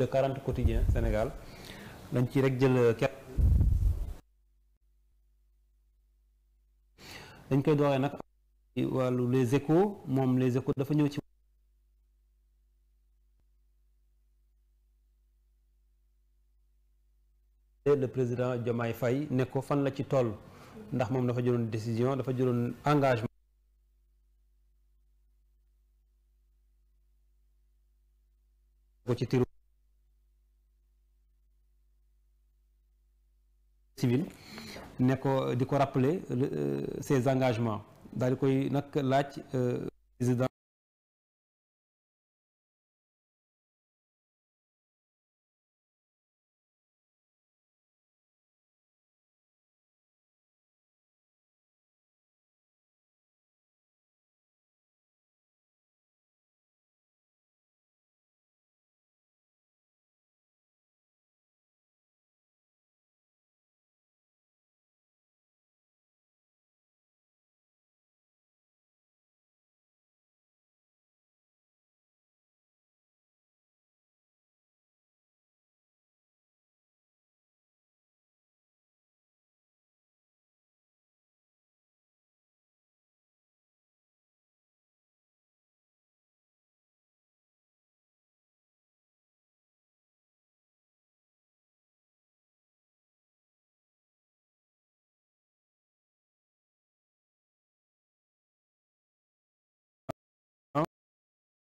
de 40 quotidiens Sénégal dañ ci rek jël euh, kepp dañ koy dooree nak les échos mom les échos dafa ñëw ci le président Diomaye Faye ne ko fan la ci toll ndax mom dafa décision dafa jëloon engagement ko ci civil, ne rappeler euh, ses engagements dans di koy nag euh, président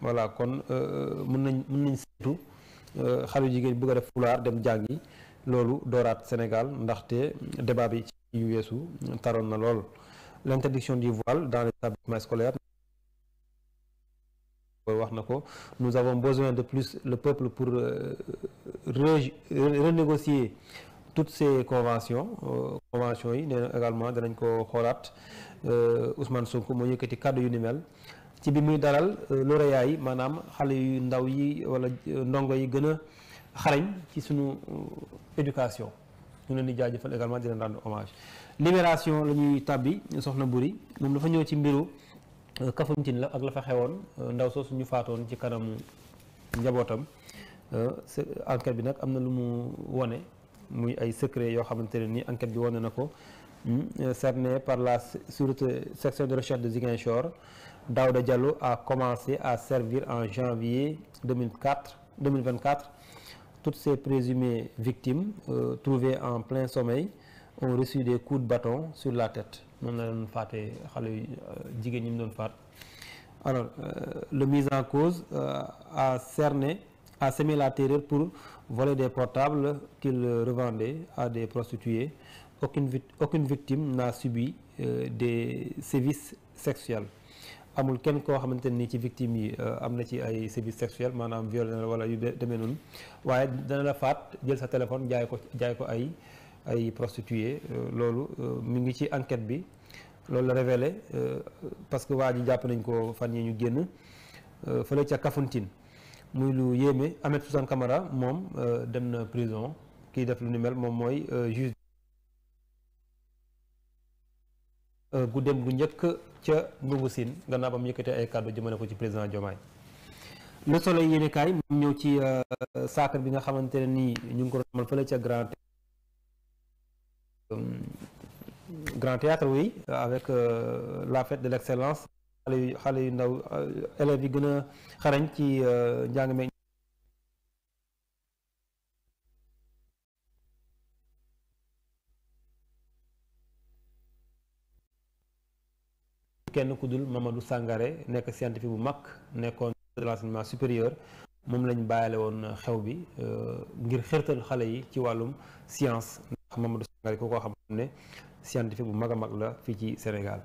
voilà kon euh, euh, mën nañ mën nañ seetu euh, xale jigéen bëgg a def fulaar dem jàngi lolu dorat Sénégal ndaxte débat bi ci yu weesu taroon na lool l'interdiction du voile dans les établissements scolaires wax na nous avons besoin de plus le peuple pour renégocier toutes ces conventions conventions yi nee na également danañ ko xoolaat Ousmane Sonko moo yëkkati kàddu yu ni mel ci bi muy daral euh, lauréat yi maanaam xale yu ndaw yi wala euh, ndongo yi gën a xarañ ci sunu euh, éducation ñu leen di jaajëfal également di leen rendre hommage libération la ñuy tàbbi soxna Buri moom dafa ñëw ci mbiru Kafountine la ak la fa xewoon ndaw soo suñu faatoon ci kanamu njabootam enquête bi nag am na lu mu wone muy ay secret yoo xamante ne ni enquête bi wone na ko Hmm. Euh, cerné par la section de recherche de Ziguinchor, Daouda Diallo a commencé à servir en janvier 2024. Toutes ces présumées victimes, euh, trouvées en plein sommeil, ont reçu des coups de bâton sur la tête. Euh, Alors, le mis en cause a cerné, a semé la terreur pour voler des portables qu'il revendait à des prostituées aucune, aucune victime n'a subi euh, des sévices sexuels amul ken ko xamanteni ci victime yi euh, amna ci ay sévices sexuels manam viol la wala yu demee non. waaye dana la faat jël sa téléphone jaay ko jaay ko ay ay prostituées euh, lolu mi ngi ci enquête bi lolu révélé parce que waa japp nañ ko fan yi ñu génn fële ca Kafountine muy lu yéeme Ahmed Suzanne Camara mom dem na prison ki def lu ni mel mom moy juge Euh, gu dem gu njëkk ca Ndungu Sine gannaaw bam mu yëkkatee ay kàddu jëmale ko ci président Diomaye Le Soleil yéene kaay ñëw ci euh, saakar bi nga xamante ne nii ñu ngi ko doon man fële ca grand euh, grand théâtre oui avec la fête de l' excellence xale yu xale yu ndaw élèves yi gën a xarañ ci njàng meñ kenn ku dul Mamadou Sangaré nek scientifique bu mak nekkoon de l'enseignement supérieur mom lañ bayalé won xew bi euh, ngir xërtal xalé yi ci walum science ndax Mamadou Sangaré ko ko xam scientifique bu mag a la fi ci Sénégal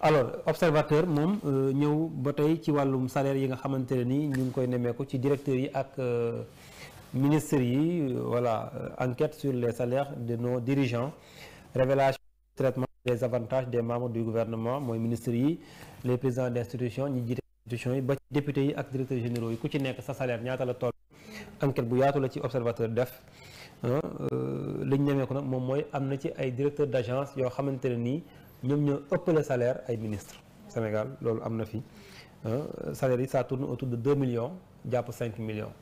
alors observateur mom euh, ñew ba tay ci walum salaire yi nga xamante ni ñu koy némé ko ci directeur yi ak euh, ministres yi voilà enquête sur les salaires de nos dirigeants révélation traitement les avantages des membres du gouvernement les ministre les présidents d'institutions les institutions, les députés ba les directeurs généraux écoutez-nous, salaire ñaata la toll enquête bu observateur def ah, euh, li ñu nemee ko nag directeurs d'agence yoo xamante ne ñoo salaire ay ministre Sénégal loolu am ah, salaire ça tourne autour de 2 millions 5 millions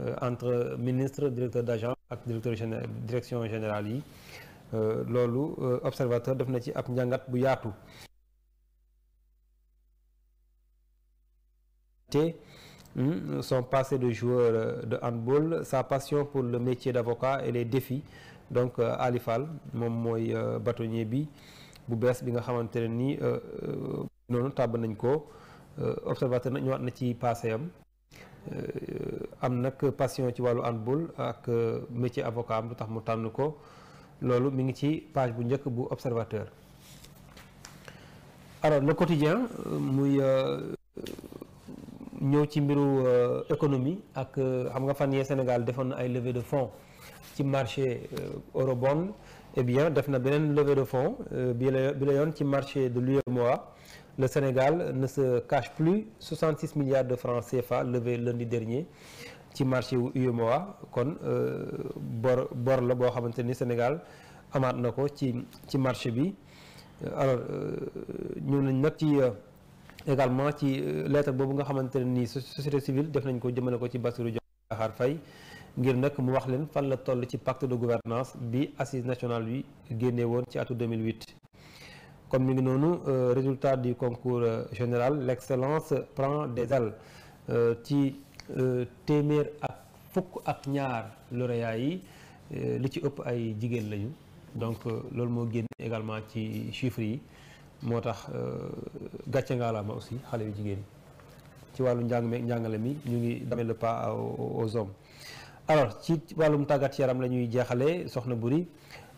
euh, entre ministres, directeurs d'agence et directeur général direction générale euh, L'Observateur observateur def na ci ab njangat bu hmm, son passé de joueur euh, de handball sa passion pour le métier d'avocat et les défis donc euh, Alifal, Fall mom moy bâtonnier bi bu bes bi nga nañ ko observateur nag ñëwaat na ci passé am am nak passion ci walu handball ak métier avocat mu mi page bu bu observateur alors le quotidien nous euh, euh, ñëw ci l'économie euh, économie ak xam nga fan Sénégal defoon un ay levée de fonds ci marché eurobond eh bien def na levée de fonds bi la yon ci marché de l'UEMOA le Sénégal ne se cache plus 66 milliards de francs CFA levés lundi dernier ci marché wu UEMOA kon euh, bor bor la boo xamanteni Sénégal amat nako ci ci marché bi euh, alors euh, ñu nañ nak ci également ci lettre bobu nga xamanteni société civile def nañ ko jëmele ko ci Bassirou Diakhar Fay ngir nak mu wax leen fan la toll ci pacte de gouvernance bi assise nationale wi génne won ci atu 2008 comme nous ngi euh, résultat du concours général l'excellence prend des ailes ci Euh, téeméer ak fukk ak ñaar lauréats yi euh, li ci ëpp ay jigéen lañu donc euh, loolu moo génn également ci chiffres yi moo tax gàcce ngaalaama aussi xale yu jigéen ci wàllu njàng meeg njàngale mi ñu ngi damee pas aux hommes alors ci wàllum tàggat yaram la ñuy jeexale soxna buri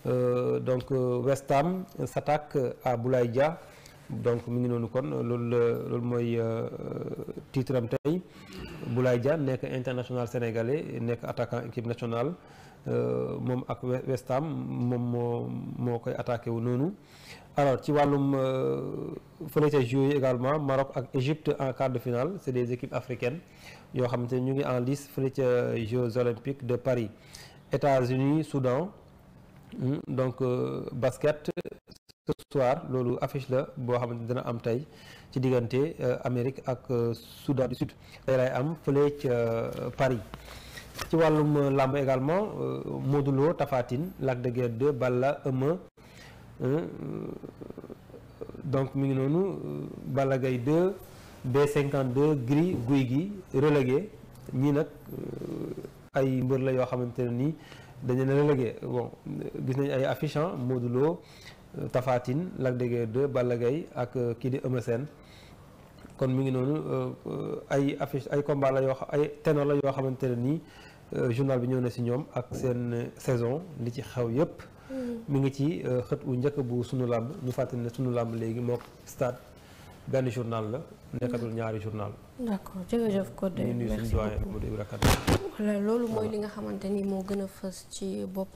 donc West Ham s'attaque à Boulaye Dia donc mi ngi noonu kon loolu la moy euh, titre am tay Boulaye Dia international sénégalais un attaquant équipe nationale euh, mom ak West Ham moom moo moo attaqué wu alors ci walum euh, fële ca jouer également Maroc ak Égypte en quart de finale c'est des équipes africaines yo xamante ñu ngi en liste fële les Jeux olympiques de Paris États-Unis Soudan hmm, donc basket victoire loolu affiche la boo xamante dina am tey ci diggante euh, Amérique ak euh, Soudan du Sud tey lay am fële ca euh, Paris ci wàllum làmb également Modou Lo Tapha de Guiers 2 Balla Eumeu donc ngi noonu Balla Gaye 2 B52 Gris Gouye Gui ñii nag ay mbër la yoo xamante ne nii dañu leen relégué gis nañu ay affiches Modou Tapha Tine Lac de Guiers 2 Balla ak euh, kii di Eumeu kon mi ngi noonu euh, ay affiche ay combat la yo xam ay teno la yo xamante ne euh, journal bi ñëw na ci ñom ak sen saison li ci xaw yépp mm. mi ngi ci xet wu njëkk bu sunu lamb ñu fàttali ne sunu lamb légui mook stade benn journal la nekatul ñaari journal. d'accord jërëjëf Codé merci beaucoup voilà lolu moy li nga xamanteni mo gëna fess ci bop